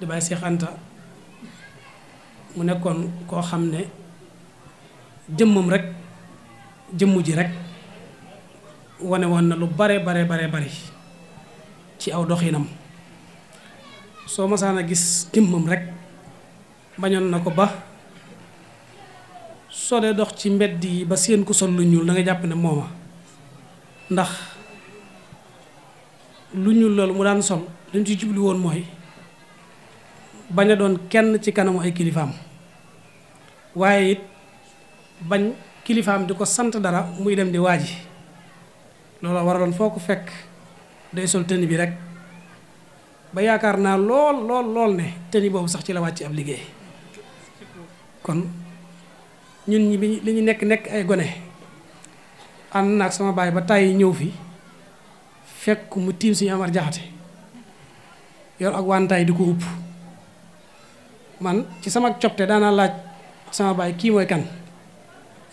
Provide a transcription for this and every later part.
di Baay Seex mu nekkoon koo xam ne jëmmam rek jëmmu ji rek wane woon na lu bare bare bare bari ci aw doxinam soo masaan a gis jëmmam rek bañoon na ko ba soo dee dox ci mbedd yi ba seen ku sol lu ñuul da nga jàpp ne mooma ndax lu ñuul loolu mu daan sol li mu ci jubli mooy bañ a doon kenn ci kanamu ay kilifaam waaye it bañ kilifaam di ko sant dara muy dem di waaji loolu waraloon foo ko fekk day sol tëni bi rek ba yaakaar naa lool lool lool ne tëni boobu sax ci la wàcc ab liggéey kon ñun ñi bi li ñu nekk nekk ay gone ànd naag sama baay ba tàyyi ñëw fi fekk mu tiim suñu amar jaxate yor ak wantaay di ko upp man ci sama da na laaj sama baay ki moy kan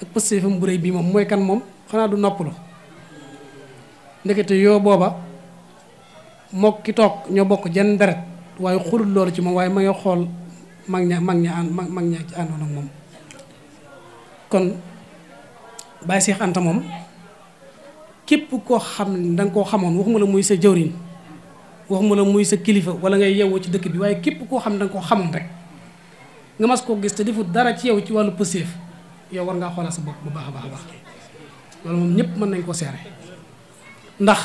ak pëstéefam bu reuy bi mom moy kan mom xana du noppalu ndekete yo boba mok ki tok ño bok jen deret waaye xurul lolu ci mom. waaye ma nga xol mag ña mag ña mag nya ci àndoon ak mom kon Baye Cheikh Anta mom kep ko xam ne da nga koo waxuma la muy sa jawriñ waxuma la muy sa kilifa wala ngay yewu ci dekk bi waye kep ko xam dang ko xam rek nga mas koo gis te defut dara ci yow ci wàllu pëseef yow war ngaa xoolal sa bopp bu baax a baax a baax loolu moom ñëpp mën nañ ko seere ndax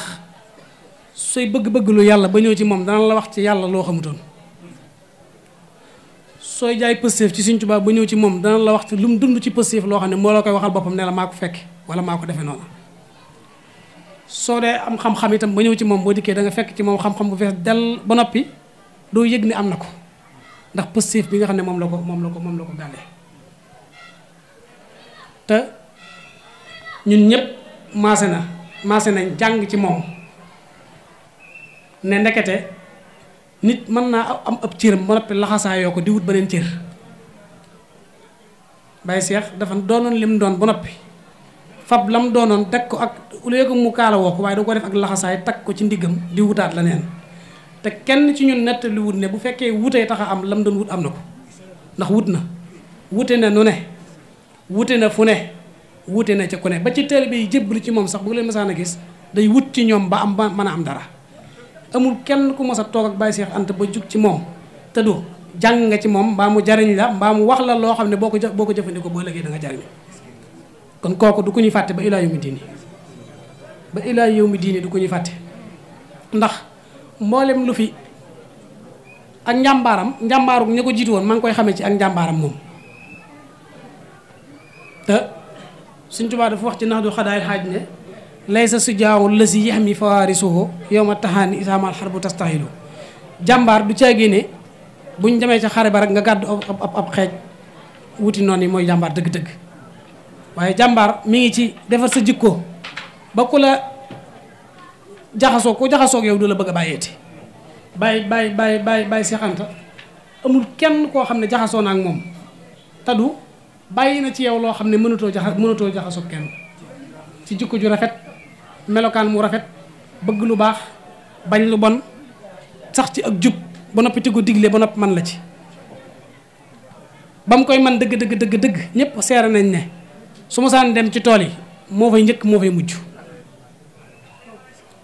sooy bëgg-bëgg lu yàlla ba ñëw ci moom dana la wax ci yàlla loo xamutoon sooy jaay pëseef ci Sëriñ Tuubaa ba ñëw ci moom dana la wax ci lu mu dund ci pëseef loo xam ne moo la koy waxal boppam ne la maa ko fekk wala maa ko defee noonu soo dee am xam-xam tam ba ñëw ci moom boo dikkee da nga fekk ci moom xam-xam bu fees dell ba noppi doo yëg ni am na ko ndax positif bi nga xam ne moom la ko moom la ko moom la ko gàlle te ñun ñëpp maase na maase nañ jàng ci moom ne ndekete nit mën naa am ab cëram ba noppi laxasaayoo ko di wut beneen cër Baye Cheikh dafa doonoon mu doon ba noppi fab lam doonoon teg ko ak léegi mu kaala woo ko waaye du ko def ak laxasaay tag ko ci ndiggam di wutaat la neen te kenn ci ñun nettali wut ne bu fekkee wutee tax a am lam doon wut am na ko ndax wut na wute na nu ne wute na fu ne wute na ca ku ne ba ci bi yi lu ci moom sax bu leen mësaan a gis day wut ci ñoom ba am ba mën a am dara amul kenn ku mos a toog ak Baye Cheikh Anta ba jug ci moom te du jàng nga ci moom mbaa mu jariñ la mbaa mu wax la loo xam ne boo ko boo ko jëfandikoo boo léegi da nga jariñ kon kooku du ko ñuy fàtte ba ilaa yawmi diini ba ilaa yawmi diini du ko ñuy fàtte ndax mboolem lu fi ak njàmbaaram njàmbaaru ña ko jiitu woon maa ngi koy xamee ci ak njàmbaaram moom te suñ Tuubaa dafa wax ci nax du xadaayil xaaj ne laysa su jaawul la si yaxmi fawaarisuhu yow ma taxaani isaamal xar bu tas tastaxilu jàmbaar du caagee ne buñ demee ca xare ba rek nga gàddu ab ab xeej wuti noonu yi mooy jàmbaar dëgg-dëgg waaye jàmbaar mi ngi ci defar sa jikko ba ku la jaxasoo ko jaxasoog yow du la bëgg a bàyyeeti bàyyi bàyyi bay bàyyi bàyyi Seex amul kenn koo xam ne jaxasoo ak moom tadu bàyyi na ci yow loo xam ne mënatoo jaxa mënatoo jaxasoo kenn ci jikko ju rafet melokaan mu rafet bëgg lu baax bañ lu bon sax ci ak jub ba noppi te ko digle ba noppi man la ci ba mu koy man dëgg dëgg dëgg dëgg ñëpp seere nañ ne su ma saan dem ci tool yi moo fay njëkk moo fay mujj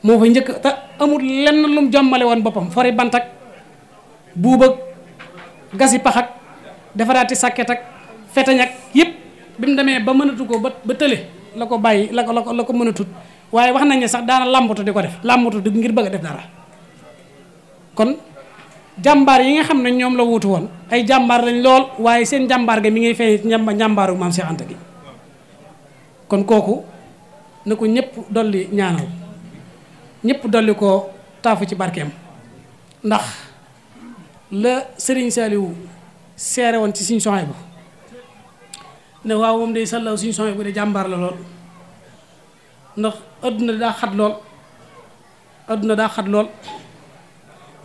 mo fa ñëk ta amul lenn lu mu jommale woon boppam fori bantak buub ak gasi pax ak defaraati sàkket ak fetañ ak yëpp bi mu demee ba mënatu ko ba ba tële la ko bàyyi la ko la ko la ko mënatut waaye wax nañ ne sax daana làmbatu di ko def làmbatu di ngir bëgg def dara kon jàmbaar yi nga xam ne ñoom la wuutu woon ay jàmbaar lañ lool waaye seen jàmbaar ga mi ngi feeñ njàmbaaru maam Cheikh Anta kon kooku na ko ñëpp dolli ñaanal ñëpp dolli ko taafu ci barkeem ndax la sëriñ Saliou seere woon ci suñu soxay bu ne waaw moom day sallaw suñu soxay bu de jàmbaar la lool ndax adduna daa xat lool adduna daa xat lool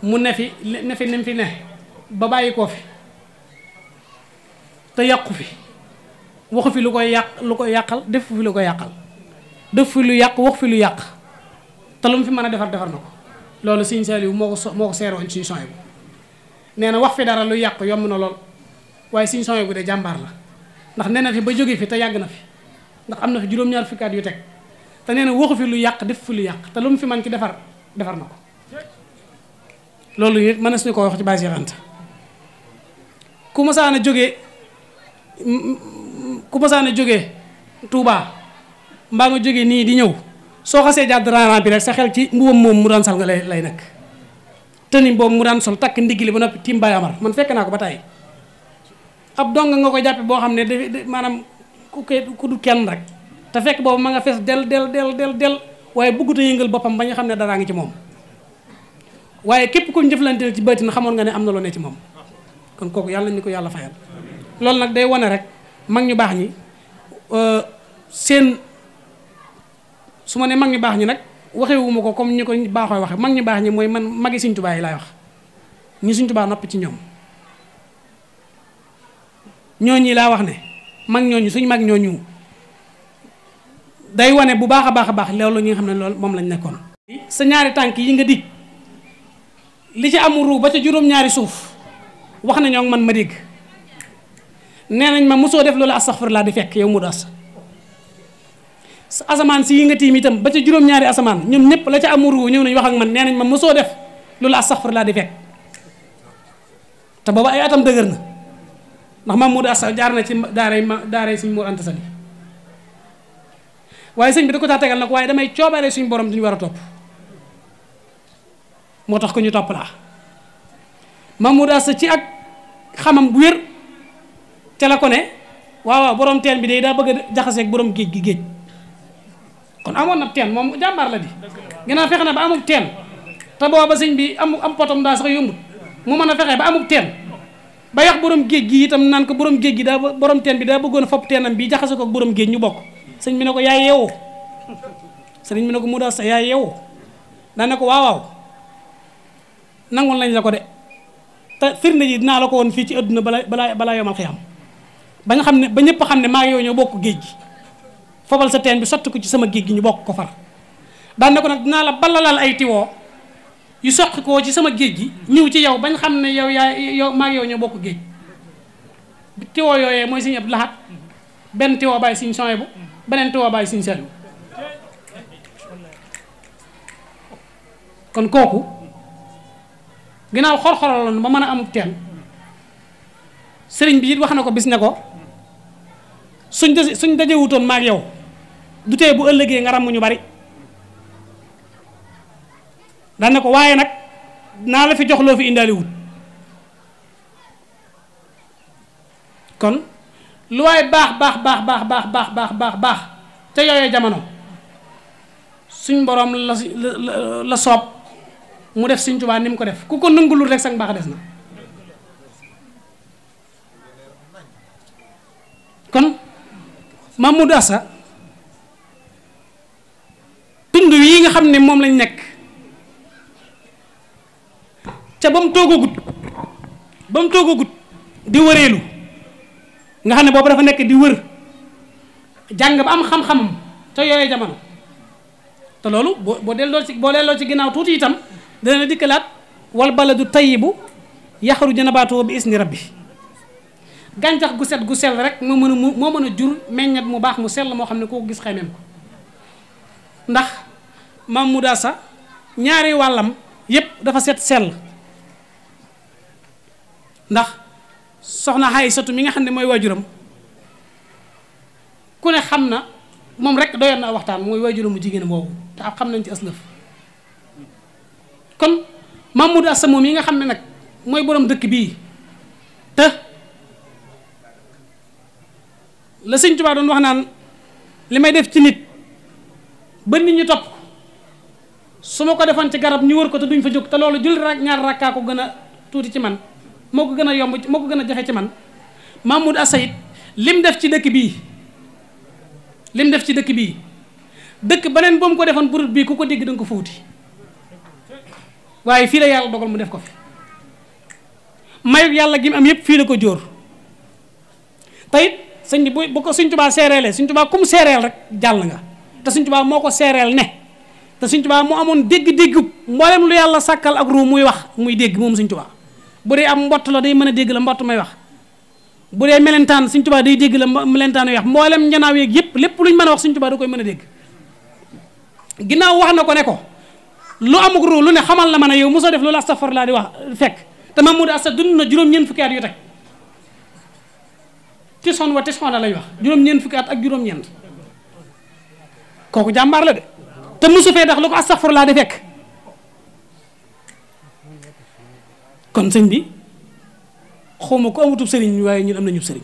mu ne fi ne fi ne fi ne ba bàyyi koo fi te yàqu fi waxu fi lu koy yàq lu koy yàqal def fi lu ko yàqal def fi lu yàq wax fi lu yàq te lu mu fi mën a defar defar na ko loolu Sëriñ Saliou moo ko moo ko seeroon Sëriñ Souhaïbou nee na wax fi dara lu yàq yomb na lool waaye Sëriñ Souhaïbou de jàmbaar la ndax nee fi ba jóge fi te yàgg na fi ndax am na fi juróom-ñaar fukki yu teg te nee waxu fi lu yàq def fi lu yàq te lu mu fi man ci defar defar na ko loolu it mën na suñu ko wax ci base Anta ku a jóge ku a jóge Touba mbaa nga jóge nii di ñëw soo xasee jàdd raaraan bi rek sa xel ci mbuum moom mu daan sal nga lay lay nekk tënim mu daan sol takk ndigli ba noppi tim Amar man fekk naa ko ba ab dong nga ko jàppe boo xam ne de maanaam ku ke ku du kenn rek te fekk boobu ma nga fees del del del del del waaye bugguta yëngal boppam ba nga xam ne daraa ngi ci moom waaye képp ku njëflanteel ci bëtin xamoon nga ne am na loo ne ci moom kon kooku yàlla ñu ko yàlla fayal loolu nag day wane rek mag ñu baax ñi euh, seen su ma nee mag ñu baax ñi nag waxewuma ko comme ñi ko baaxoo waxe mag ñu baax ñi mooy man magi Sëñ Tuubaa yi wax ñi Sëñ Tuubaa noppi ci ñoom ñooñi laa wax ne mag ñooñu suñ mag ñooñu day wane bu baax a baax a baax loolu ñi nga xam ne loolu moom lañ nekkoon sa ñaari tànk yi nga dig li ci amuru ba ca juróom suuf wax nañoo man ma dégg nee nañ ma mosoo def loolu laa di fekk yow mu das asamaan si yi nga tiim itam ba ca juróom-ñaari asamaan ñoom ñëpp la ca amuru ñëw nañ wax ak man nee nañ ma mosoo def loolu astaxfirullaa di fekk te booba ay atam dëgër na ndax Mamadou sa jaar na ci daaray ma daaray suñ Mor Anta waaye sëñ bi da ko tax tegal nag waaye damay coobaree suñ borom duñu war a topp tax ko ñu topp laa Mamadou Assa ci ak xamam bu wér ca waaw waaw borom teen bi day daa bëgg a jaxaseeg borom géej gi géej kon amon na ten mom jambar la di ginnaaw fexe na ba amuk ten te booba señ bi am am potom da sax yombut mu mën fexé ba amuk ten ba yax borom geej gi itam nan ko borom geej gi da borom ten bi da bëggoon fop tenam bi jaxase ko borom geej ñu bok señ bi ne ko yaay yew señ bi ne ko mu da sa yaay yew daa ne ko waaw waaw nangul lañ la ko de ta firna ji dina la ko won fi ci aduna bala bala yomal xiyam ba nga xamne ba ñepp xamne ma ngi yow ñu bok geej gi foofal sa teen bi sotti ko ci sama géej gi ñu bokk ko far daan ko nag dinaa la balalal ay tiwoo yu soqi koo ci sama géej gi ñëw ci yow bañ xam ne yow yaa yow maa yow bokk géej tiwoo yooyee mooy Sëñ Abdou Lahad benn tiwoo bàyyi Sëñ Sohaybu bu beneen tiwoo bàyyi Sëñ Saliou kon kooku ginnaaw xor-xoraloon ba mën a am teen sëriñ bi it wax na ko bis ne ko suñ suñ dajewutoon maag yow du tee bu ëllëgee nga ràmm ñu bari daan na ko waaye nag naa la fi jox loo fi indaali kon lu waay baax baax baax baax baax baax baax baax baax te yooyee jamono suñ boroom la la soob mu def Sëñ Tuubaa ni mu ko def ku ko lu rek sax baax des na kon Mamadou Assa dund yi nga xam ne moom lañ nekk ca ba mu toogagut ba mu toogagut di wëreelu nga xam ne boobu dafa nekk di wër jàng ba am xam-xamam ca yooyee jamono te loolu boo boo delloo ci boo delloo ci ginnaaw tuuti itam dana dikkalaat wal baladu tayyibu yaxruju nabaatuhu bi isni bi gàncax gu set gu sell rek moo mën a moo mën a jur meññet mu baax mu sell moo xam ne koo gis xemeem ko ndax maam Mouda Sa ñaari wàllam yépp dafa set sell ndax soxna Aysatu mi nga xam ne mooy waajuram ku ne xam na moom rek doyoon na waxtaan mooy waajuram mu jigéen boobu te ab xam nañ ci aslëf kon maam Mouda Sa moom yi nga xam ne nag mooy boroom dëkk bii te la sëñ Tuubaa doon wax naan li may def ci nit ba nit ñu topp su ma ko defoon ci garab ñu wër ko te duñ fa jóg te loolu julli rak ñaar rakkaa ko gën a tuuti ci man moo ko gën a yomb moo ko gën a joxe ci man Mahmoud Assayid lim def ci dëkk bii lim def ci dëkk bii dëkk beneen ba mu ko defoon burut bii ku ko dégg da nga ko fuuti waaye fii la yàlla dogal mu def ko fi mayu yàlla gi am yëpp fii la ko jóor tayit sëñ bi bu ko suñ tubaa seereelee suñ tubaa kum seereel rek jàll nga te suñ tubaa moo ko seereel ne te Sëñ Tuubaa mu amone deg deg mboolem lu yalla sakal ak ru muy wax muy deg mom Sëñ Tuubaa bu dee am mbott la day meuna deg la mbott may wax bu dee melentaan Sëñ Tuubaa day deg la melentane wax mboolem ñanaaw yeeg yep lepp luñ meuna wax Sëñ Tuubaa da koy mën a wax nako ne ko lu amuk ru lu ne xamal la ma yow musa def loolu astafurlaa di wax fek te Mahmoud Assa na juroom ñen fukki at yu teg tisoon wa tisoon la lay wax juroom ñen fukki at ak juroom ñen koku jambar la de te mosu fee tax lu ko laa di fekk kon sëñ bi xawma ko amutub sëriñ waaye ñun am nañu sëriñ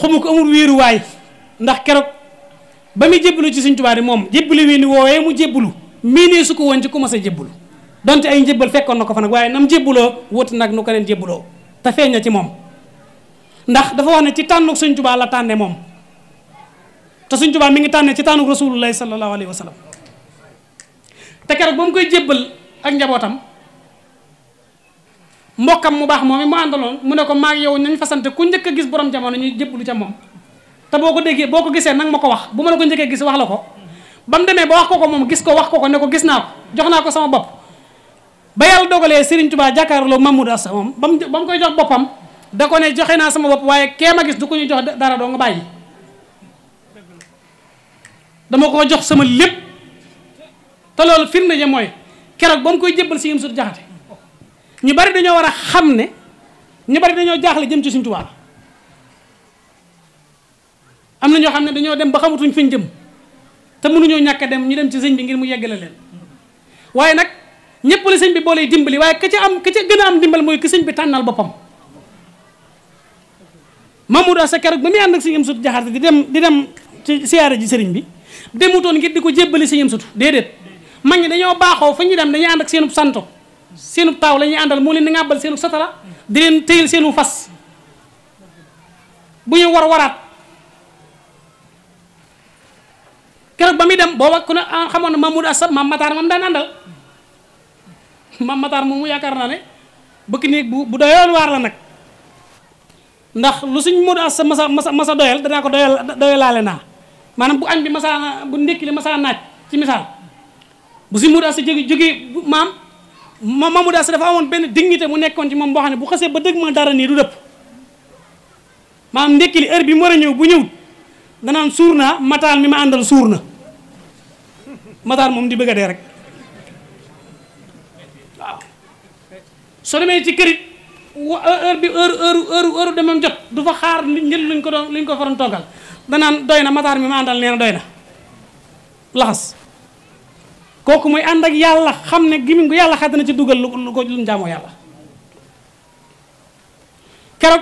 xawma ko amul wéeruwaay ndax keroog ba muy jébbalu ci sëñ Tuubaa di moom jébbalu wii ni woowee mu jébbalu miinee su ko woon ci commencé jébbalu donte ay njébbal fekkoon na ko fa nag waaye nam jébbaloo wut nag nu ko neen jébbaloo te feeñ na ci moom ndax dafa wax ne ci tànnuk sëñ Tuubaa la tànne moom te suñ tubaa mi ngi tànnee ci taanu rasulullahi sallallahu alayhi wa sallam te keroog ba mu koy jébbal ak njabootam mbokkam mu baax moom it mu àndaloon mu ne ko maag yow nañ fasante ku njëkk a gis borom jamono ñuy jébbalu ca moom te boo ko déggee boo ko gisee nag ma ko wax bu ma la ko njëkkee gis wax la ko ba mu demee ba wax ko ko moom gis ko wax ko ko ne ko gis naa ko jox naa ko sama bopp ba yàlla dogalee sëriñ Touba jàkkaarloo Mamoudou Assa moom ba mu koy jox boppam da ko ne joxe naa sama bopp waaye kee gis du ko ñu jox dara doo nga bàyyi dama ko jox sama lépp te loolu Kerak ja moy kérok bam koy jébal si yëm sut ñu bari dañu wara xamné ñu bari dañu jaxlé jëm ci suñ tubaa am na ñoo xam dem ba xamatuñ fiñ jëm te mënu ñàkk ñaka dem ñu dem ci sëñ bi ngir mu yeggalé len waye nak ñepp la sëñ bi bolé dimbali waye ka ci am ka ci gëna am dimbal moy ki sëñ bi tanal bopam mamoudou Assa kérok ba muy ànd ak sëñ am sut di dem di dem ci siara ji bi demutoon ngir di ko jébbali sëñ sutu déedéet mag ñi dañoo baaxoo fa ñu dem dañuy and ak seenub santo seenub taw la andal mo leen di ngàbbal satala di leen teyel seenu fas bu ñu war warat kër ba muy dem bo wak ah, na xamone Mamoud Assab mam Matar mam daan andal mam Matar mu yaakar na ne bëkk ni bu bu doyoon waar la nak ndax lu suñ Mamoud Assab massa massa doyal danaa ko doyal doyalaale naa manam bu añ bi masaana bu ndékki li masaana naaj ci misal bu simu mudaas si jogi jóge maam ma ma mudaas dafa amone ben dignité mu nekkon ci mom bo xane bu xasse ba deug ma dara ni du depp mam ndékki li heure bi mo ra ñew bu ñew da nan surna matal mi ma andal surna matal mom di bëgg dé rek so demé ci kërit heure bi heure heure heure heure demam jot du fa xaar njël luñ ko doon luñ ko faran togal danan doyna matar mi ma àndal nee na doy na laxas kooku ak yalla xamne ne gémmiñ gu yàlla ci duggal lu ko lu jamo yalla kero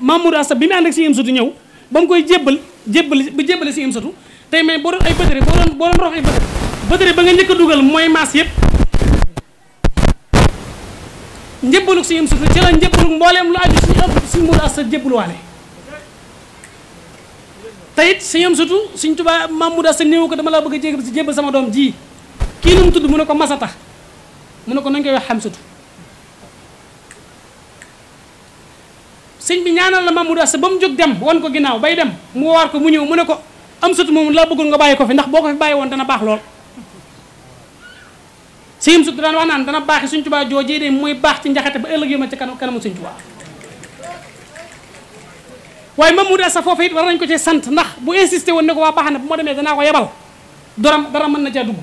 Mamour Assa bi mi and ak si imsatu ñew bam koy jébbal jébbal bu jébbale si imsatu tay may bo ay bëtëri bo doon bo doon rox ay bëtëri bëtëri ba nga ñëk duggal moy mooy maas yëpp njëbbalug si imsatu ci la njëbbalug mbolem lu aju ci ëpp si Mamour Assa walé tayit seyam sutu suñ tuba muda sa néew ko dama la bëgg jégg ci jébb sama doom ji kii nu mu mu ne ko masata mu ne ko nañ koy wax xam sutu sëñ bi ñaanal la sa dem won ko ginnaaw bay dem mu waar ko mu ñëw mu ne ko am sutu moom la bëggoon nga bàyyi ko fi ndax boo ko fi bàyyi woon dana baax lool sëñam sutu wax naan dana de ci ba yu ma ci kanamu waaye Mamadou Assa foofu it war nañ ko cee sant ndax bu insisté woon ne ko waa baax na bu ma demee danaa ko yebal dara dara mën na caa dugg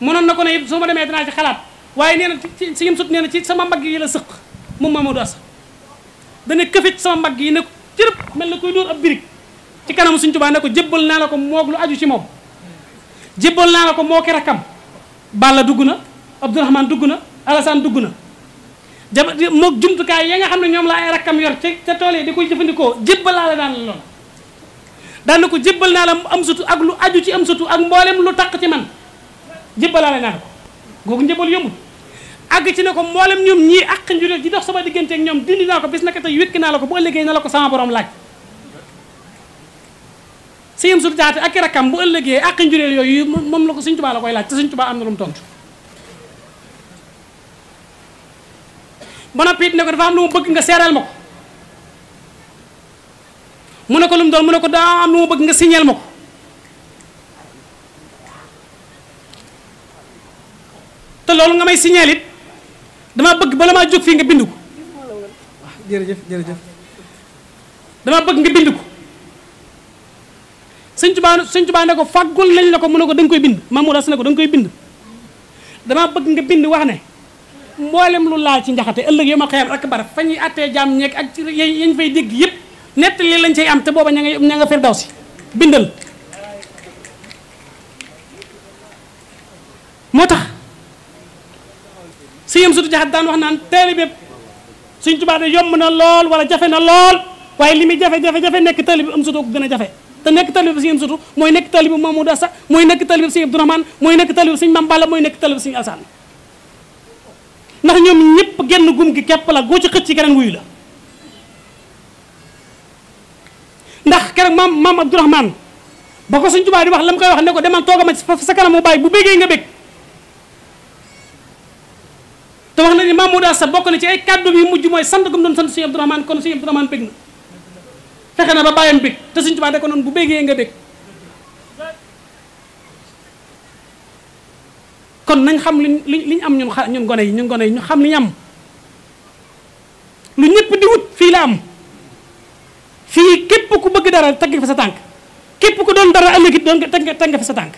mënoon na ko ne soo ma demee danaa ci xalaat waaye nee na ci si sut nee na ci sama mag yi la sëq moom Mamadou Assa dana këfit sama mbagg yi ne ko cërëb mel na koy dóor ab birig ci kanamu Sëñ Tuubaa ne ko jébbal naa la ko moog lu aju ci moom jébbal naa la ko moo ki rakkam Balla dugg na Abdourahmane dugg na Alassane dugg na jaba moog jumtukaay ya nga xam ne ñoom la ay rakkam yor ca ca tool yi di koy jëfandikoo jébbal laa la daan la loolu daan na ko jébbal naa la am sutu ak lu aju ci am sutu ak mboolem lu taq ci man jébbalaale naa la ko googu njëbal yombul àgg ci ne ko mboolem ñoom ñii ak njureel ji dox sama diggante ak ñoom dindi naa ko bis naka tey wékki naa la ko bu ëllëgee na la ko sama borom laaj si am sutu jaate ak i rakkam bu ëllëgee àq njureel yooyu moom la ko la koy laaj te Sëñ Tuubaa am na lu tontu ba noppi it ne ko dafa am lu ma bëgg nga seeral ma ko mu ne ko lu mu doon mu ne ko daa am bëgg nga signal ma ko te loolu nga may signal it dama bëgg bala maa jóg fii nga bind ko waaw ah, jërëjëf jërëjëf bëgg nga bind ko sëñ Tuubaa sëñ Tuubaa ne ko fàggul nañ ne ko mun ne ko da koy bind Maam Mor Assa ne ko danga nga koy bind damaa bëgg nga bind wax ne mboolem lu laal ci njaxate ëllëg yuma xeyam rakk bar fañuy ñuy jam ñek ak ak yeen fay dégg yépp li lañ cey am té boba ñanga ñanga ña nga fir daw si bindal moo tax siyam sutu jaxat daan wax naan taalibe suñ tubaa de yom na lool wala jafe na lool waye limi jafé jafe jafe jafe nekk taalibe am sutu ko gën a jafe te nekk taalibe sudu sutu nek nekk taalibe mamoudou assa mooy nekk taalibe sëñ abdourahmane mooy nekk taalibe sëñ mamballa mooy nekk taalibe sëñ alsaan ndax ñom ñepp genn gum gi kep la go ci ci keneen wuyu la ndax kër mam mam abdourahman ba ko suñ tubaa di wax lam koy wax ne ko demal tooga ma sa kanam mu bay bu bege nga bég to wax na ni mamoudou sa bokku na ci ay kàddu bi mujj moy sant gum don sant suñu abdourahman kon suñu abdourahman bég na fexena ba bayam bég te suñ tubaa de ko non bu bege nga bég kon nañ xam li li ñu am ñun xa ñun gone yi ñun gone yi ñu xam li ñu am lu ñëpp di wut fii la am fii képp ku bëgg dara teg fa sa tànk képp ku doon dara ëllëg it doon teg nga fa sa tànk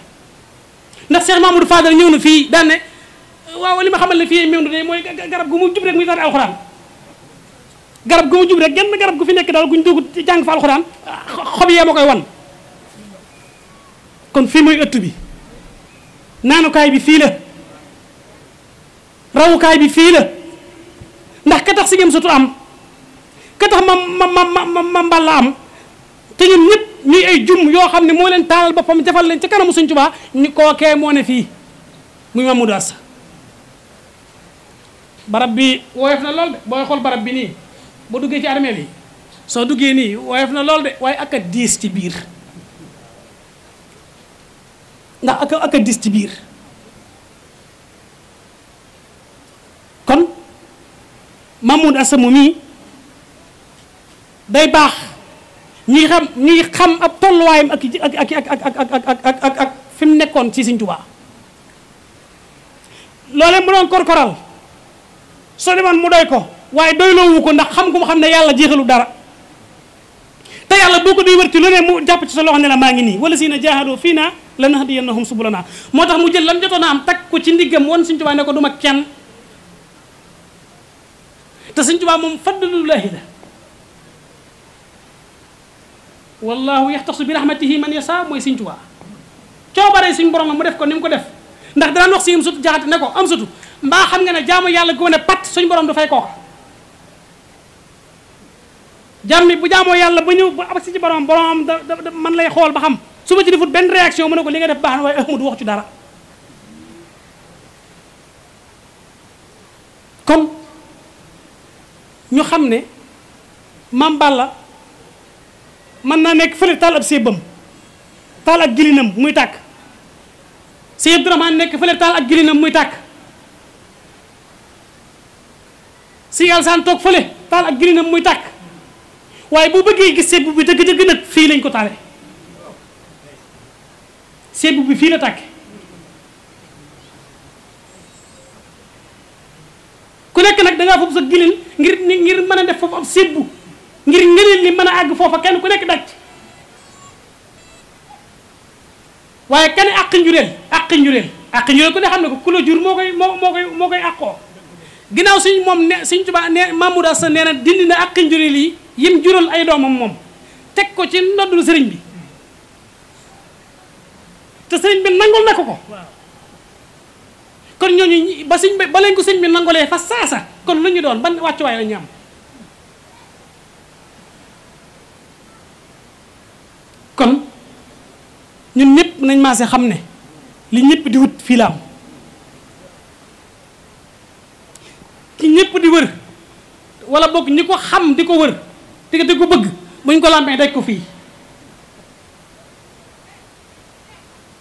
ndax Cheikh Mamadou Fadal ñëw na fii daan ne waaw li ma xamal ne fii mewndu de mooy garab gu mu jub rek muy tari alxuraan garab gu mu jub rek genn garab gu fi nekk daal guñ dugg jàng fa alxuraan xob yee ma koy wan kon fii mooy ëtt bi naanukaay bi fii la kay bi fi la ndax ka tax sigem sutu am ka tax ma ma ma ma mbala am te ñun ñep ñi ay jum yo xam mo moo leen taalal boppam defal leen ci kanamu suñ ñi ko ke mo ne fi muy Mamadou Assa barab bi woyef na lol de boy xol barab bi ni bo duggé ci armée bi so duggé ni woyef na lol de way ak 10 ci bir ndax ak ak 10 ci bir kon ma Mahmoud Assamou mii day baax ñuy xam ñuy xam ab tolluwaayam ak ak ak ak ak ak fi mu nekkoon ci Sëñ Tuubaa loolee mu doon korkoral soo demoon mu doy ko waaye doyloowu ko ndax xam ku mu xam ne yàlla jeexalu dara te yàlla boo ko doy wërti lu ne mu jàpp ci sa loxo ne maa ngi nii wala si na jaahadoo fii naa lanahdiyannahum naa moo tax mu jël lan jotoon a am takk ko ci ndiggam woon Sëñ Tuubaa ne ko du ma kenn تسنج ما منفضل الله له والله يختص برحمته من يشاء ويسنج وا تيو باراي سين بروم مو ديف كو نيم كو ديف ندخ دا نوخ سين سوت جاحت نكو ام سوت ما خم غنا جام يالا كو نه بات سين بروم دو فاي كو جامي بو جامو يالا با نيو با سين بروم بروم من لاي خول با خم سوما تي ديفوت بن رياكسيون مونكو لي غا ديف باخ واي احمد واخ تي دارا ñu xam ne maam Balla mën naa nekk fële taal ab seebam taal ak gilinam muy tàkk Sëñ Abdourahmane nekk fële taal ak gilinam muy tàkk Sëñ Alsaan toog fële taal ak gilinam muy tàkk waaye bu bëggee gis seebu bi dëgg-dëgg nag fii lañ ko taale seebu bi fii la tàkke ngaa foofu sa gilin ngir ngir mën a def foofu am sébbu ngir ngëneel li mën a àgg foofa kenn ku nekk daj waaye kenn àqi njureel àqi njureel àqi njureel ku ne xam ne ko ku la jur moo koy moo koy moo koy àqoo ginnaaw suñ moom ne suñ Tuubaa ne Mamour Assa nee na dindi na àqi njureel yi yim jural ay doomam moom teg ko ci ndoddul sëriñ bi te sëriñ bi nangul na ko kon ñooñu ba sëñ bi ba leen ko sëñ bi nangolee fa saasa kon lu ñu doon ban wàccuwaay la ñu am kon ñun ñëpp nañ maase xam ne li ñëpp di wut fii laa am ci ñëpp di wër walla boog ñi ko xam di ko wër te di ko bëgg buñ ko làmbee daj ko fii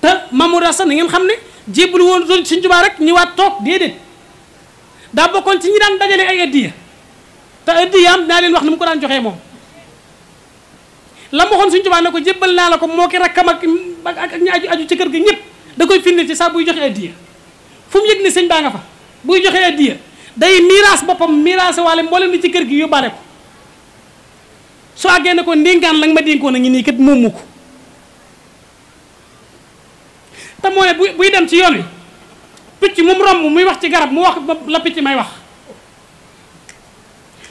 te Mamour Assane na ngeen xam ne jébbal woon zone Sëñ Tuubaa rek ñëwaat toog déedéet daa bokkoon ci ñi daan dajale ay addiya te addiyaam naa leen wax ni mu ko daan joxee moom la ma waxoon Sëñ Tuubaa ko jébbal naa la ko moo ki rakkam ak ak ñi aju aju ci kër gi ñëpp da koy firnde ci saa buy joxe addiya fu mu yëg ni sëñ baa nga fa buy joxe addiya day miiraas boppam miiraas waale mboolem li ci kër gi yóbbaale ko su àggee ne ko ndénkaan la ma dénkoon a ngi nii kat moomu ko te mooy bu buy dem ci yoon wi picc mu romb muy wax ci garab mu wax la picc may wax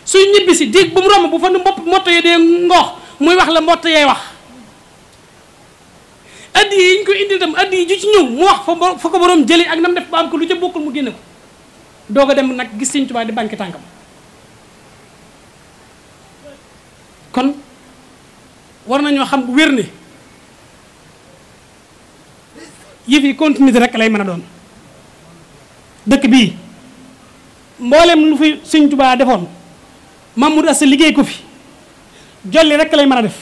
suy ñibbi si diig bu mu romb bu fa nu mbopp motto yi dee ngoox muy wax la mbott yee wax addi yi ñu indi tam addi yi ci ñëw mu wax fa fa ko borom jëli ak nam def ba am ko lu ca bokkul mu génne ko doog a dem nag gis Sëñ Tuubaa di bànki tànkam kon war ñoo xam wér ne yëf yi continuité rek lay mën a doon dëkk bii mboolem lu fi sëñ Tuubaa defoon Mamoudou Assa liggéey ko fi jolli rek lay mën a def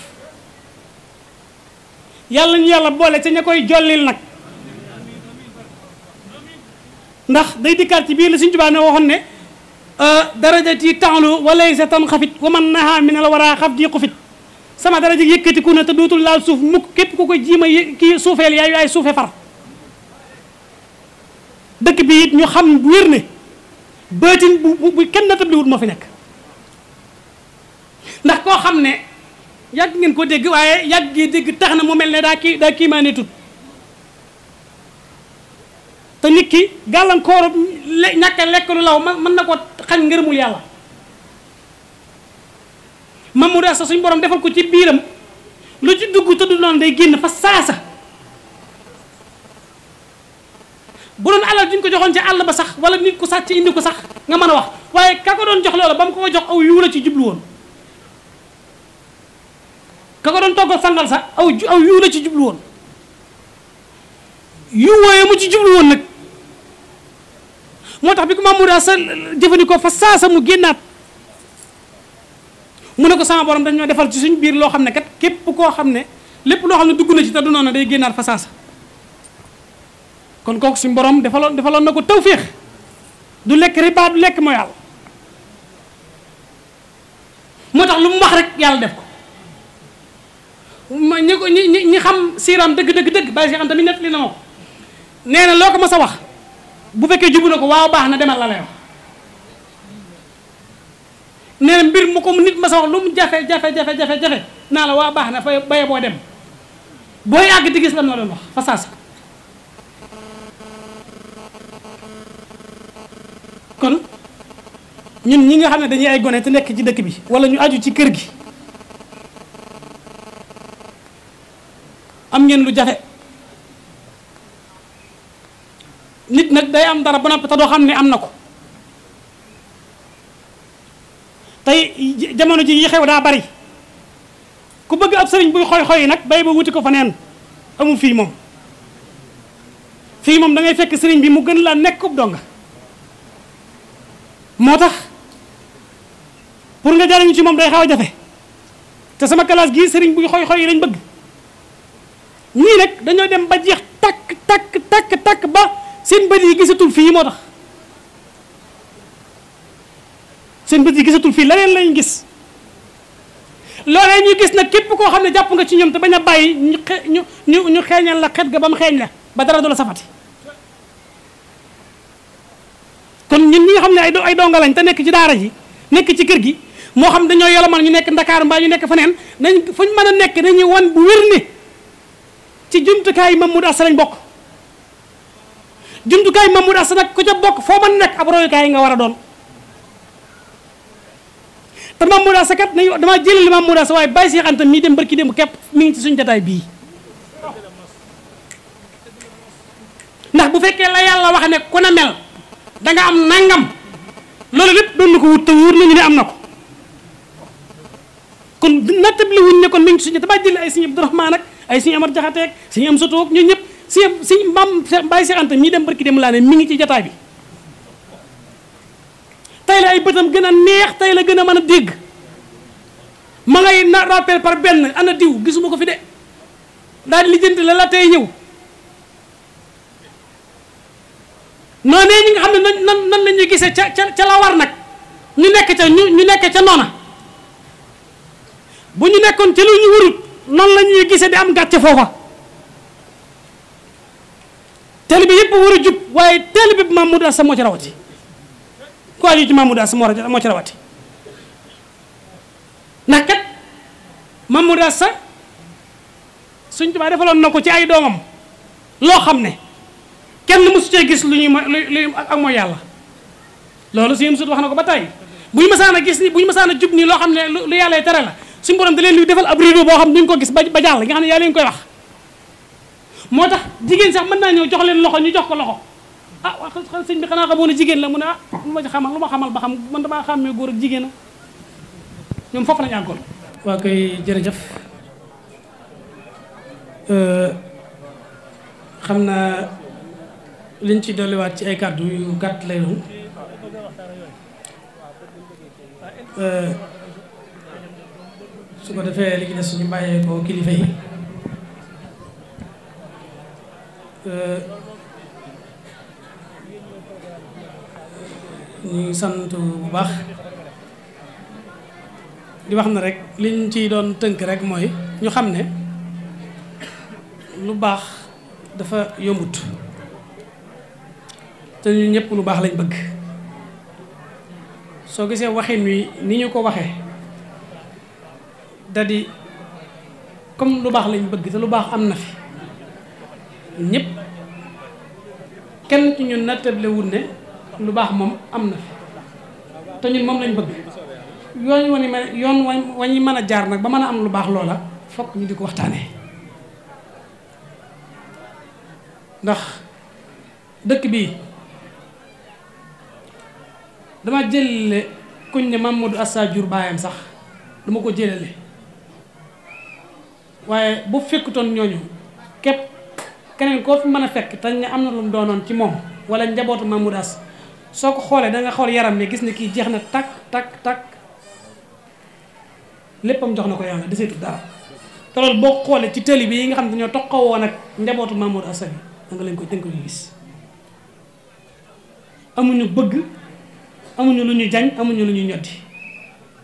yàlla ñu yàlla boole ca ña koy jollil nag ndax day dikkaat ci biir la sëñ xam ne waxoon ne darajati taxlu walay sa tan xafit wa man naha min al wara xaf di xufit sama daraja yëkkatiku ne te dootul laal suuf mukk képp ku ko jiima kii suufeel yaay yaay suufe far dëkk bi it ñu xam wér ne bëtin bu bu kenn wut moo fi nekk ndax koo xam ne yàgg ngeen ko dégg waaye yàgg gi dégg tax na mu mel ne daa kii daa kii maa ne tut te nit ki gàllankooru ñàkk a lekk lu law mën na ko xañ ngërëmul yàlla Mamadou Assa suñ borom defal ko ci biiram lu ci dugg te du noonu day génn fa saasa bu ala alal diñ ko joxon ci àll ba sax wala nit ku sàcc indi ko sax nga mën wax waye kako ko doon jox loola bam ko jox aw yu la ci jiblu won kako doon sangal sax aw aw yu la ci jiblu won yu waye mu ci jiblu won nak motax bi ko mamour sa ko fa sa mu gennat mu ne ko sama borom dañ ñoo defal ci suñu biir lo xamne kat kep ko xamne ne lo xamne xam ne na ci ta du noonu day gennat fa sa kon kok suñu borom defaloon defaloon nako tawfiq du lek riba du lek moyal motax lu mu wax rek yalla def ko ma ñi ñi ñi xam siram deug deug deug bàyyi si xam tamit net li na neena loko na ma sa wax bu fekke jubu nako waaw bax na demal la lay wax neena mbir mu ko nit ma sa wax lu mu jafe jafe jafe jafe jafe na la waaw bax na fay baye bo dem boy àgg di gis lan wax fa kon ñun ñi nga xam ne dañuy ay gone te nekk ci dëkk bi wala ñu aju ci kër gi am ngeen lu jafe nit nag day am dara ba noppi te doo xam ne am na ko tey jamono ji yi xew daa bari ku bëgg ab sëriñ buy xoy xoy nag bay ba wuti ko fa neen amul fii moom fii moom da ngay fekk sëriñ bi mu gën laa nekkub donga moo tax pour nga jariñu ci moom day xaw a jafe te sama classe gii sëriñ buy xoy xoy yi lañ bëgg ñii nag dañoo dem ba jeex takk takk takk takk ba seen bët yi gisatul fii moo tax seen bët yi gisatul fii leneen lañ gis loolee ñu gis nag képp koo xam ne jàpp nga ci ñoom te bañ a bàyyi ñu ñu ñu xeeñal la xet ga ba mu xeeñ la ba dara du la safati ñun ñi nga xam ay ay donga lañ ta nek ci daara ji nek ci kër gi mo xam dañoo yolomal ñu nek ndakaar mbaa ñu nek fenen nañ fuñ mëna nek nekk won bu wërni ne jumtu kay mamoud asa lañ jumtu kay mamoud asa nak ku ca bok fo mëna nek ab kay nga wara doon ta mamoud asa kat nañu dama jëlal mamoud asa way bay seex anta dem barki dem kep mi ngi ci suñu jotaay bi ndax bu fekkee la yàlla wax ne ku na mel da nga am nangam lolou lepp doon na ko wut te wour nañu ni am nako kon nattabli wuñ ne kon mi suñu dama jël ay sëñ Abdourahmane nak ay sëñ Amar Jaxate ak sëñ am soto ak ñoom ñep sëñ sëñ Baye Cheikh ante mi dem barki dem laa ne mi ngi ci jotaay bi tay la ay bëtam gëna neex tay la gëna mëna dig ma ngay na rappel par ben ana diw gisuma fi de dal la la tay ñew noonee ñi nga xam ne nan nan la ñuy gisee ca ca ca la war nag ñu nekk ca ñu ñu nekk ca noona bu ñu nekkoon ca lu ñu warut noonu la ñuy gisee di am gàcce foofa teel bi yëpp war a jub waaye teel bi Mamoudou Assa moo ci rawati ku aju ci Mamoudou Assa moo ci rawati ndax kat Mamoudou sa suñ tubaab defaloon na ko ci ay doomam loo xam ne kenn mësu cee gis lu ñuy mooy lu ak mooy yàlla loolu suñu mësut wax na ko ba tey bu ñu mësaan gis ni bu ñu mësaan a jub nii loo xam ne lu yàlla tere la suñu borom da leen luy defal ab rideau boo xam duñ ko gis ba ba jàll nga xam koy wax moo tax jigéen sax mën naa ñëw jox leen loxo ñu jox ko loxo ah sëñ bi xanaa xamoon ne jigéen la mu ne ah lu lu ma xamal ba xam man damaa xàmmee góor ak jigéen a ñoom foofu lañu àggoon waa koy jërëjëf euh, xam naa liñ ci dolliwaat ci ay kàddu yu gàtt lay doon euh, su ko defee li ci des ñu bàyyee ko kilifa yi euh, ñu sant bu baax di wax na rek liñ ci doon tënk rek mooy ñu xam ne lu baax dafa yombut te ñun ñëpp lu baax lañ bëgg soo gisee waxin wi ni ñu ko waxee da di comme lu baax lañ bëgg te lu baax am na fi ñëpp kenn ci ñun nattable wul ne lu baax moom am na fi te ñun moom lañ bëgg yoon wani yoon wañi mën a jaar nag ba mën a am lu baax loola fokk ñu di ko waxtaanee ndax dëkk bii dama jëlale kuñ ne Mamadou Assa Diour baayam sax duma ko jëlale waaye bu fekkutoon ñooñu képp keneen koo fi mën a fekk tañ ne am na lu mu doonoon ci moom wala njabootu Mamadou Assa soo ko xoolee da xool yaram ne gis ne kii jeex na takk takk takk léppam jox na ko yàlla deseetu dara te loolu xoolee ci tëli bi yi nga xam ne ñoo toqoo woon ak njabootu Assa bi da nga leen koy tënk ñu gis amuñu bëgg. amuñu lu ñuy jañ amuñu lu ñuy ñoddi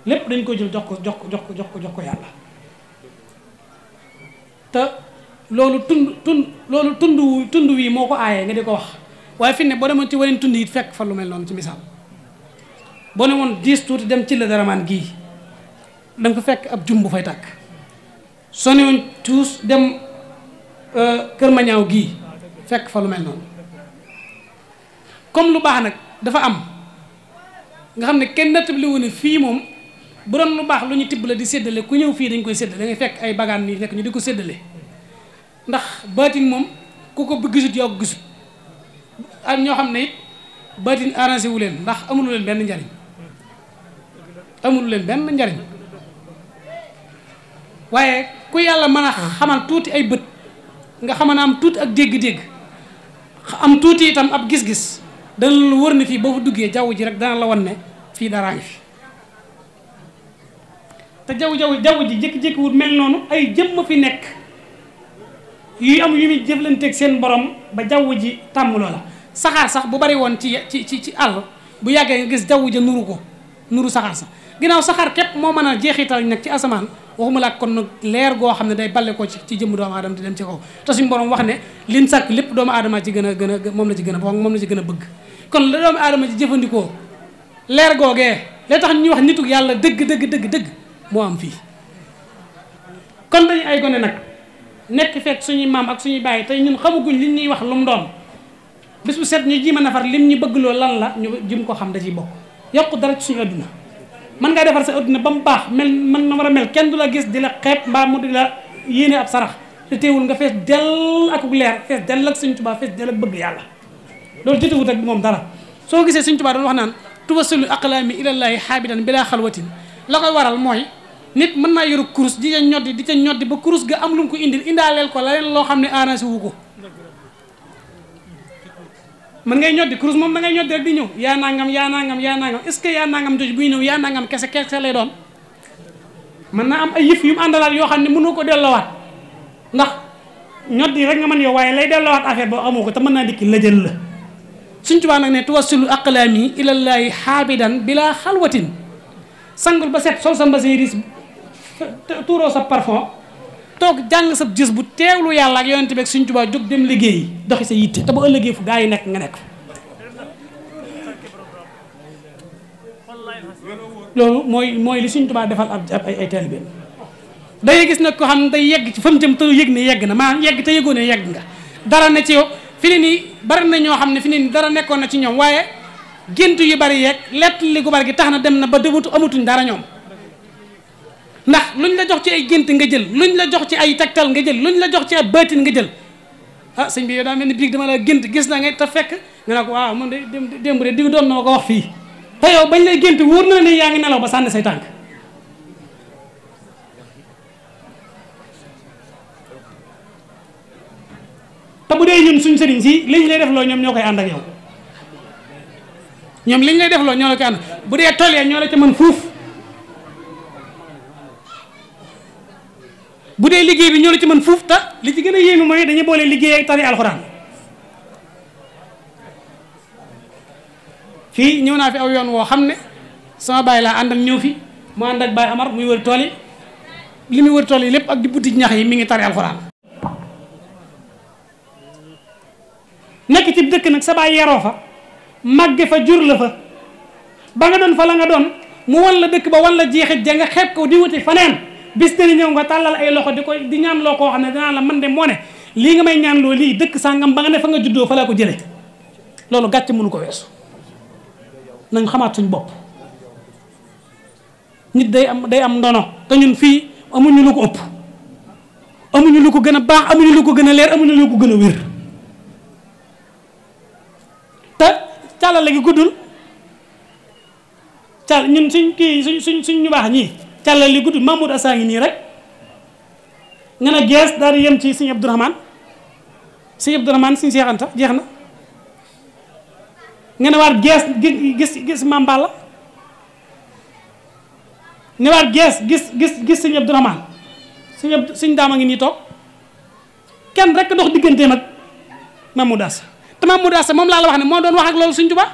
lépp dañ ko jël jox ko jox ko jox ko jox ko jox ko yàlla te loolu tund tund loolu tund wu wii moo ko aayee nga di ko wax waaye fi ne boo demoon ci waneen tund yi fekk fa mel noonu ci misaal boo ne woon tuuti dem ci la daramaan gii da nga fa fekk ab jum bu fay tàkk soo ne dem euh, kër ma ñaaw gii fekk fa lu mel noonu comme lu baax nag dafa am nga xam ne kenn nattabli wu ne fii moom bu doon lu baax lu ñu tibb la di séddale ku ñëw fii dañ koy séddale da fekk ay bagaan nii fekk ñu di ko séddale ndax baatin moom ku ko bëgg gisut yow gisut ak ñoo xam ne it baatin arrangé wu leen ndax amulu leen benn njariñ amulu leen benn njariñ waaye ku yàlla mën a xamal tuuti ay bët nga xaman a am tuuti ak dégg-dégg am tuuti itam ab gis-gis dana la wër ne fii boo fa duggee jaww ji rek dana la wan ne fii daraa te jaww jaww jaww ji jékki-jékki wut mel noonu ay jëmm fi nekk yuy am yu muy jëflanteeg seen borom ba jaww ji tàmm loola saxaar sax bu bari woon ci ci ci ci àll bu yàggee nga gis jaww ja nuru ko nuru saxaar sax ginnaaw saxaar képp moo mën a jeexital nag ci asamaan waxuma laa kon nag leer goo xam ne day balle ko ci ci jëmm doomu aadama di dem ci kaw te suñu borom wax ne lin sàkk lépp doomu aadama ci gën a gën a moom gën a moom la ci gën a bëgg kon la doom adama ci jëfëndiko leer googee la tax ñuy wax nituk yalla dëgg dëgg dëgg dëgg mo am fi kon dañ ay gone nak nek fek suñu mam ak suñu baye tay ñun xamaguñ li ñi wax lum mu doon bis set ñu ji nafar lim ñi bëgg lo lan la ñu jim ko xam da ci bok yokku dara ci suñu aduna man nga defar sa aduna bam baax mel man na wara mel kenn du la gis dila la xeeb mu la ab sarax te teewul nga fess del ak leer fess del ak suñu tuba fess del ak bëgg yalla loolu wut ak mom dara so gisee seigne touba dañ wax naan aqlami ila ilallaahi habidan bila khalwatin la koy waral moy nit mën na yoru kurus di ca ñoddi di ca ñoddi ba kurus ga am lu ko indil indalel ko leneen lo xam ne arrangé wu ko man ngay ñoddi kurus mom da ngay ñoddi rek di ñew ya nangam ya nangam ya nangam est ce ya nangam jooju bu ñew ya nangam kesse kesse lay doon man na am ay yëf yu mu andalat yo xam mënu mënoo ko delloowaat ndax ñoddi rek nga man yow waye lay delloowaat affaire bo amoko te man na dikki lëjël la suñ tubaa nag ne tuwassilu aqlaami ilallaahi xaabidan bilaa xalwatin sangul ba set sol sa mbasin riis tuuroo sa parfum toog jàng sa gis bu teewlu yàlla ak yonent bi ak suñ tubaa jóg dem liggéey doxi sa yitte te bu ëllëgee fu gaa yi nekk nga nekk loolu mooy mooy li suñ tubaa defal ab ay taalibeem day gis nag ko xam ne day yegg ci fa mu jëm te yëg ne yegg na maanaam yegg te yëgoo ne yegg nga dara ne ci yow fi ne nii bari nañ ñoo xam ne fi ne nii dara nekkoon na ci ñoom waaye gént yu bari yeeg lett li gu gi tax na dem na ba dëbutu amatuñ dara ñoom ndax luñ la jox ci ay gént nga jël luñ la jox ci ay tegtal nga jël luñ la jox ci ay bëtin nga jël ah sëñ bi yow daa mel ni biig dama la gént gis na nga te fekk nga ne ko waaw man de démb de diw doon na ma ko wax fii te yow bañ lay gént wóor na la ne yaa ngi nelaw ba sànni say tànk te bu dee ñun suñ sëriñ ci liñ lay def lo ñom ñokay and ak yow ñom liñ lay def lo ñoo la koy bu dee tolé ya ñoo la ca mën fuuf bu dee liggéey bi ñoo la ci mën fuf ta li ci gëna a moy dañu bolé liggéey ak tari alcorane fi ñëw na fi aw yoon wo xam ne sama bay la andal ak ñëw fi mo ànd ak Baye Amar muy wër tolé limi li wër tolé lepp ak di boutique ñax yi mi ngi tari alcorane nekk ci dëkk nag sa baay yaroo fa màgge fa jur la fa ba nga doon fa la nga doon mu wan la dëkk ba wan la jeexit ja nga ko di wuti faneen bis dana ñëw nga tàllal ay loxo di ko di ñaan loo koo xam ne danaa la man de moo ne lii nga may ñaan loo lii dëkk sàngam ba nga ne fa nga juddoo fa laa ko jële loolu gàcce mënu ko weesu nañ xamaat suñ bopp nit day am day am ndono te ñun fii amuñu lu ko ëpp amuñu lu ko gën a baax amuñu lu ko gën a leer amuñu lu ko gën a wér càllale lagi gudul cal ñun suñ ki suñ suñ suñ ñu bax ñi càllale li gudul mamoud Assa ngi nii rek nga ne gees daal yem ci sëñ Abdourahmane sëñ Abdourahmane seigne Cheikh Anta jeexna na nga ne waat gees gis gis Mame Balla ne war gess gis gis gis seigne Abdourahmane sëñ seigne sëñ ngi ni tok kenn rek dox digganteem nak Mahmoud Assa te maam Modou Asta moom la wax ne mo doon wax ak lolou seigne touba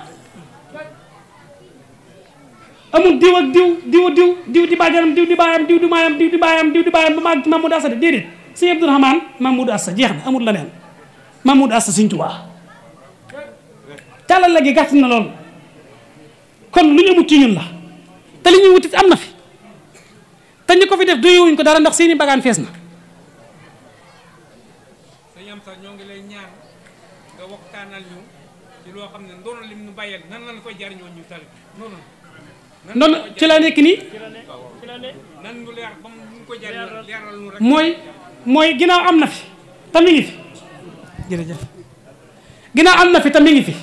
amul diw ak diw diw diw diw di bàjjanam diw di bayam diw di maayam diw di bayam diw di bayam ba mag ci maam Modou de déedéet seigne abdou rahman Modou Asta jeex na amul la neen maam seigne touba talal la gi gatt na loolu kon lu ñu amut ci ñun la te li ñuy wutit am fi te ñu ko fi def doyewuñ ko dara ndax seeni bagan fess na bàyyal nan lan koy jariñoo ñu non non noonu ci la nekk nii nan lu leer ba mu ko jariñoo leeral nu rek mooy mooy ginnaaw am na fi te mi ngi fi jërëjëf ginnaaw am na fi te mi ngi fi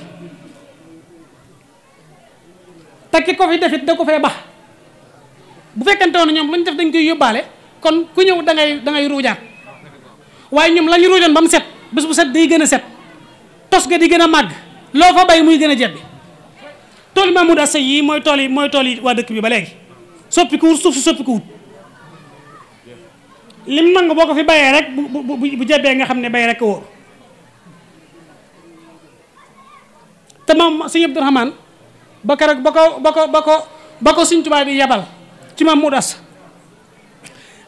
te ki ko fi defit da ko fee bax bu fekkante woon ñoom lañ def dañ koy yóbbaale kon ku ñëw da ngay da ngay ruujaat waaye ñoom la ñu ruujoon ba mu set bés bu set day gën set tos ga di gën a lo fa bay muy gëna a tol mamoud assay yi moy tool yi mooy tool yi dëkk bi ba léegi soppiku wut suuf soppi soppiku wut lim nang boko fi bayee rek bu bu bu nga xam ne bay rek wo te moom Abdou Rahman ba keroog bako bako bako bako seigne touba bi yabal ci Mahmoud Assey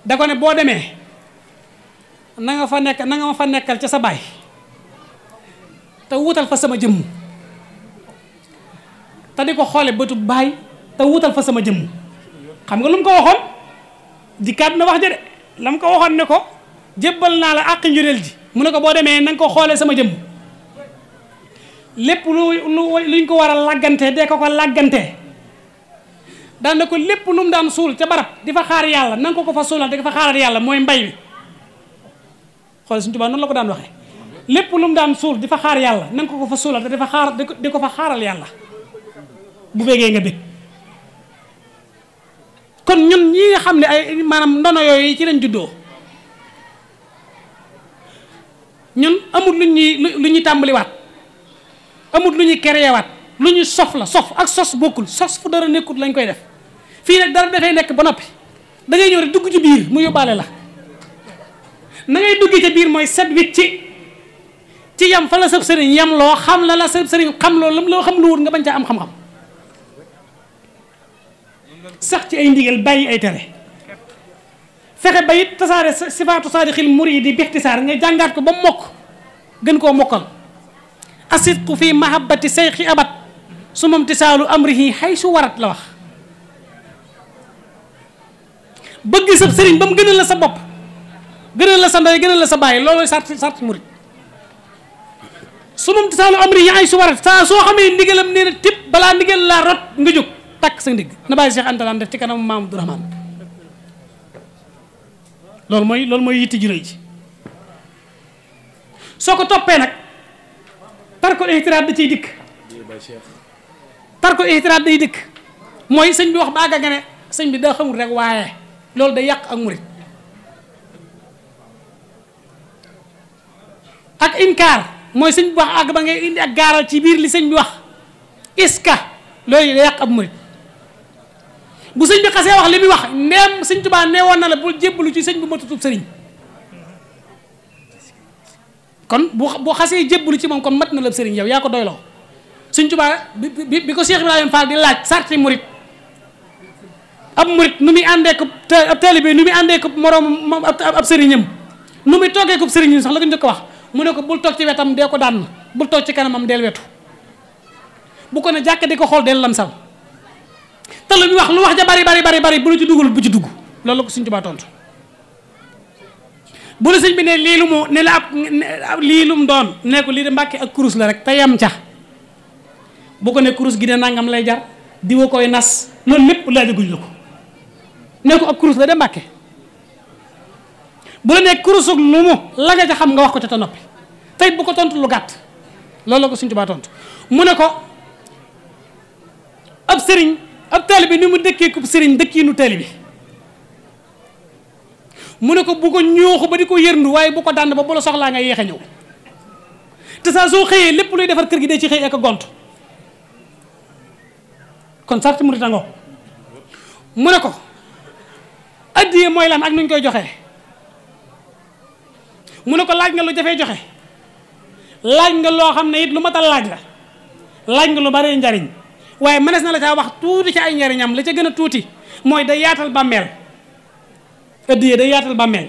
da ko ne bo démé na nga fa nek na nga ma fa nekkal ci sa baye te wutal fa sama jëm ta di ko xoole bëtu baay te wutal fa sama jëm xam nga lu mu ko waxoon dikkaat na wax de lam ko waxoon ne ko jébbal naa la àq njureel ji mu ko boo demee na ko xoolee sama jëm lépp lu luñ ko war a de dee ko ko laggante daan na ko lépp lu mu daan suul ca barab di fa xaar yàlla na ko ko fa suulal di fa xaaral yàlla mooy mbay bi xool suñu tubaab noonu la ko daan waxee lepp lu mu daan suul di xaar yalla nang ko ko fa suulal difa di xaar di fa xaaral yalla bu bege nga bit kon ñun ñi nga xamne ay manam ndono yooyu ci lañ juddoo ñun amul lu ñi lu tambali wat amul lu ñuy wat lu sof la sof ak sos bokul sos fu dara nekkut lañ koy def fi nak dara dafay nekk ba nopi da ngay ñëw rek dugg ci biir mu yobale la na ngay dugg ci biir moy set ci ci yam fa la sab sëriñ yam loo xam la la sab sëriñ xam loo lam loo xam lu wut nga bañ caa am xam-xam sax ci ay ndigal bàyyi ay tere fexe ba it tasaare sifaatu saadixil muridi bixtisaar nga jàngaat ko ba mokk gën koo mokkal asidqu fi mahabbati seyxi abat sumum tisalu amrihi xay su warat la wax bëgg sab sëriñ ba gënal la sa bopp gënal la sa ndey gënal la sa bàyyi loolu sart sart murid Sunum tisaalu amri yaay su warat sa so xamé ndigalam neena tip bala ndigal la rot nga juk tak sa ndig na bay Cheikh antalan def ci kanamu maam Abdourahman lol moy lol moy yitti ji rëy ci soko topé nak tar ko ihtirad da ciy dikk tarkul ihtiraat day dik moy señ bi wax ba ga gané señ bi da xamul rek wayé lol day yak ak mourid ak inkar mooy sëñ bi wax àgg ba ngay indi ak gaaral ci biir li sëñ bi wax iska loolu yàq ab murit bu sëñ bi xasee wax li muy wax ndeem sëñ Tuubaa nee woon na la bu jébbalu ci sëñ bu ma tutub sëriñ kon bu bu xasee jébbalu ci moom mat na la sëriñ yow yaa ko doyloo sëñ Tuubaa bi bi ko Cheikh Ibrahima Fall di laaj sarti murit ab murit nu muy àndee ko ab taalibe nu muy àndee ko moroom ab sëriñam nu muy toogee ko sëriñam sax la ko njëkk a wax mu ne ko bul toog ci wetam dee ko daan bul toog ci kanamam del wetu bu ko ne jàkk di ko xool del lamsal te lu mu wax lu wax ja bari bari bari bari bu la ci duggul bu ci dugg loolu la ko suñ tubaa tontu bu bi ne lii lu mu ne la ab lii lu doon ne ko lii de mbàkke ak kurus la rek te yem ca bu ko ne kurus gi de nangam lay jar diwa koy nas loolu lépp laajaguñ la ko ne ko ak kurus la de mbàkke bu la nekk kurusug lu mu la nga ca xam nga wax ko ca te noppi tey bu ko tontu lu gàtt loolu la ko Sëñ Tuubaa tontu mu ne ko ab sëriñ ab bi ni mu dëkkee ko sëriñ dëkkiinu bi mu ne ko bu ko ñooxu ba di ko yërndu waaye bu ko dànd ba bu la soxlaa nga yéex a ñëw te saa soo xëyee lépp luy defar kër gi dee ci xëy ak gont kon sarti murit a ngo mu ne ko addiye mooy lan ak nuñ koy joxee mu ne ko laaj nga lu jafé joxé laaj nga lo xamné it lu mata laaj la laaj nga lu bari ndariñ waye mënees na la caa wax tuti ci ay ndariñam la ca gëna tuti moy day yaatal bàmmeel ëddiyee day yaatal bàmmeel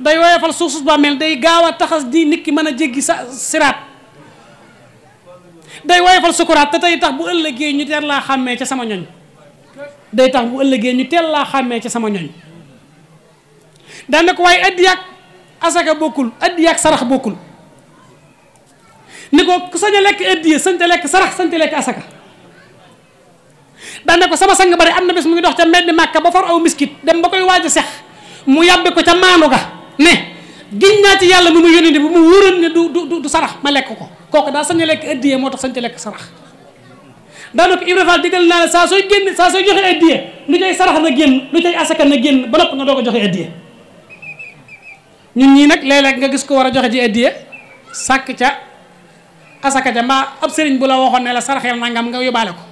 day woyofal suuf suuf bàmmeel day gawa taxas di nit ki mëna jéggi sa sirat day woyofal sukuraat te tax bu ëllëgé ñu teel la xamé ci sama ñoñ day tax bu ëllëgé ñu teel la xamé ci sama ñoñ daanaka waaye ëddiyaak asaka bokkul addiya ak sarax bokkul ni ko sañ a lekk addiya sañ te lekk sarax sañ te lekk asaka daan ne ko sama sang bari na bés mu ngi dox ca mbedd ba far aw miskit dem ba koy waaj a sex mu yàbbe ko ca maanu ga ci yàlla mu yónni bu mu wóoroon ne du du du sarax ma lekk ko kooku daa sañ a lekk addiya moo tax sañ te lekk sarax daanaka Ibra Fall digal naa la saa sooy génn saa sooy joxe addiya lu cay sarax na génn lu cay asaka na génn ba nopp nga doo ko joxe addiya ñun ñii nag lee léeg nga gis ko war a joxe ji addiya sàkk ca asaka ja mbaa ab sëriñ bu la waxoon ne la saraxeel nangam nga yóbbaale ko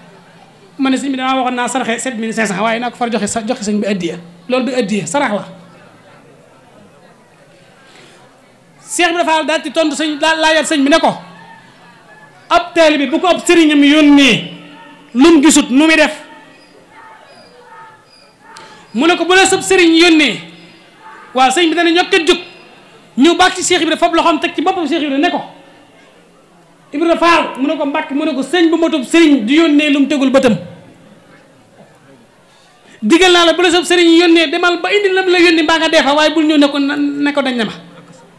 ma ne sëñ bi damaa waxoon naa saraxe 7500 waaye naa ko far joxe joxe sëñ bi addiya loolu du addiya sarax la seex bi dafa daal di tontu sëñ daal laajaat sëñ bi ne ko ab taalibe bi bu ko ab sëriñam yónnee lu mu gisut nu muy def mu ne ko bu la sab sëriñ yónnee waa sëñ bi dana ñokkat jóg ñëw bàq ci seex Cheikh Ibra fab loxoom teg ci boppam Cheikh Ibra ne ko Ibra Faal mu ne ko mbàkk mu ne ko sëñ bu matub sëriñ du yónnee lu mu tegul bëtam digal naa la bu la sab sëriñ yónnee demal ba indi lam la yónni mbaa nga dee fa waaye bul ñëw ne ko ne ko dañ ne ma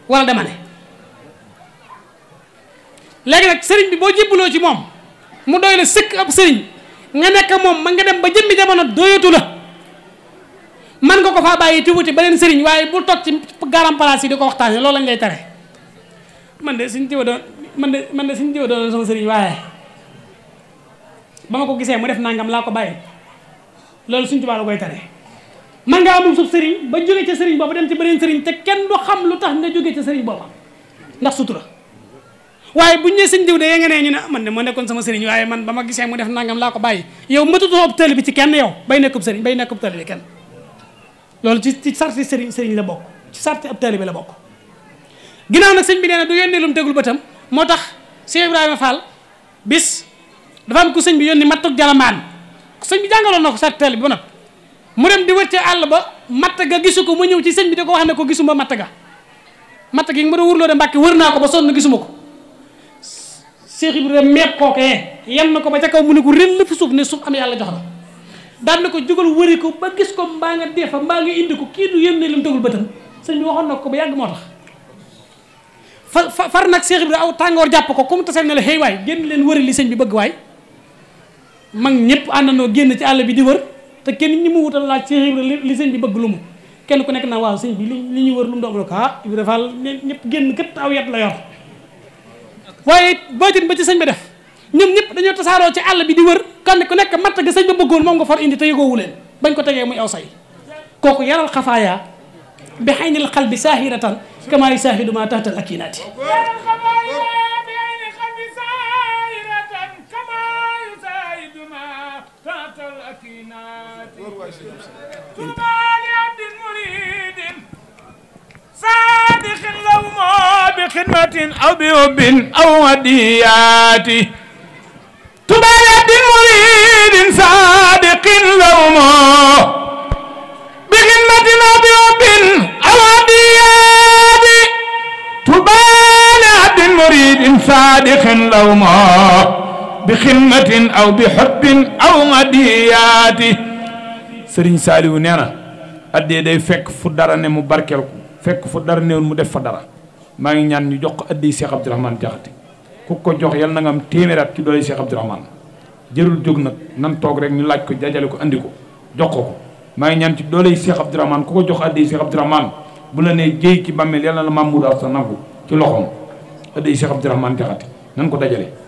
wala dama ne léegi nag sëriñ bi boo jébbaloo ci moom mu doy la sëkk ab sëriñ nga nekk moom ma nga dem ba jëmmi jamono doyatu la man nga ko fa baye te wuti benen serigne waye bu tok ci garam palaas yi di ko waxtaanee loolu lañ lay téré man de serigne jiw doon man de man de serigne jiw doon sama serigne waye bama ko gisé mu def nangam la ko baye lolou serigne tubaab la koy téré man nga amum sub serigne ba jóge ci serigne bobu dem ci benen serigne te kenn du xam lu tax nga jóge ci serigne bobu ndax sutura waye buñ ne serigne jiw de nga né ñu na man de mo nekkoon sama serigne waye man bama gisé mu def nangam la ko baye yow matutoo ab tëli bi ci kenn yow bay nekkub serigne bay nekkub tëli bi kenn. loolu ci ci sarti sëriñ sëriñ la bokk ci sarti ab taalibe la bokk ginnaaw nag sëñ bi nee na du yónni lu tegul bëtam moo tax Cheikh Ibrahima Fall bis dafa am ku sëñ bi yónni matt jalamaan sëñ bi jàngaloon na ko sarti taalibe ba nag mu dem di wër ca àll ba matt ga gisu ko mu ñëw ci sëñ bi di ko wax ne ko gisuma matt ga matt gi ma doon wurloo de mbàkke wër naa ko ba sonn gisuma ko Cheikh Ibrahima meeb kookee yan na ko ba ca kaw mu ne ku rëll fi suuf ne suuf yàlla jox dan ko jugal wëri ko ba gis ko mbaa nga defa mbaa nga indi ko ki du yénne lim tegul bëtam sëñ bi waxoon na ko ba yag motax far nak cheikh ibrahim aw tangor japp ko kum tassel ne la hey way genn len wëri li sëñ bi bëgg way mag ñepp andano genn ci àll bi di wër te kenn ñi mu wutal la cheikh ibrahim li sëñ bi bëgg lu mu kenn ku nekk na waaw sëñ bi li li ñu wër lu mu ka ah, ibrahim fal ñepp genn kët aw yat la yor waaye baatin ba ci sëñ bi def ñom ñep dañu tassaro ci all bi di wër kan ku nek matta ga sëñ ba bëggoon moom nga for indi te yëgoowu leen bañ ko tege muy aw say koku yaral khafaya bi haynil qalbi sahiratan kama yasahidu ma tahtal akinaati صادق لو ما بخدمة أو بحب أو وديات tubaayat di muridin saadiqin lawmo bi xidmatina bi obbin awadiyaati tubaayat di muridin saadiqin lawmo bi xidmatin aw bi xobbin aw madiyaati sëriñ Saaliwu nee na addee day fekk fu dara ne mu barkeel fekk fu dara newul mu def fa dara maa ngi ñaan ñu jox ko addee Cheikh Abdourahmane ku ko jox yal na nga am téeméeraat ci doole Cheikh Abdourahmane jërul jóg nag nan toog rek ñu laaj ko jajale ko indi ko jox ko ko maa ngi ñaan ci doole Cheikh Abdourahmane ku ko jox addi Cheikh Abdourahmane bu la nee jëy ci bàmmeel yal na la maam Moudou sa nangu ci loxoom addi Cheikh Abdourahmane jaxate nan ko dajale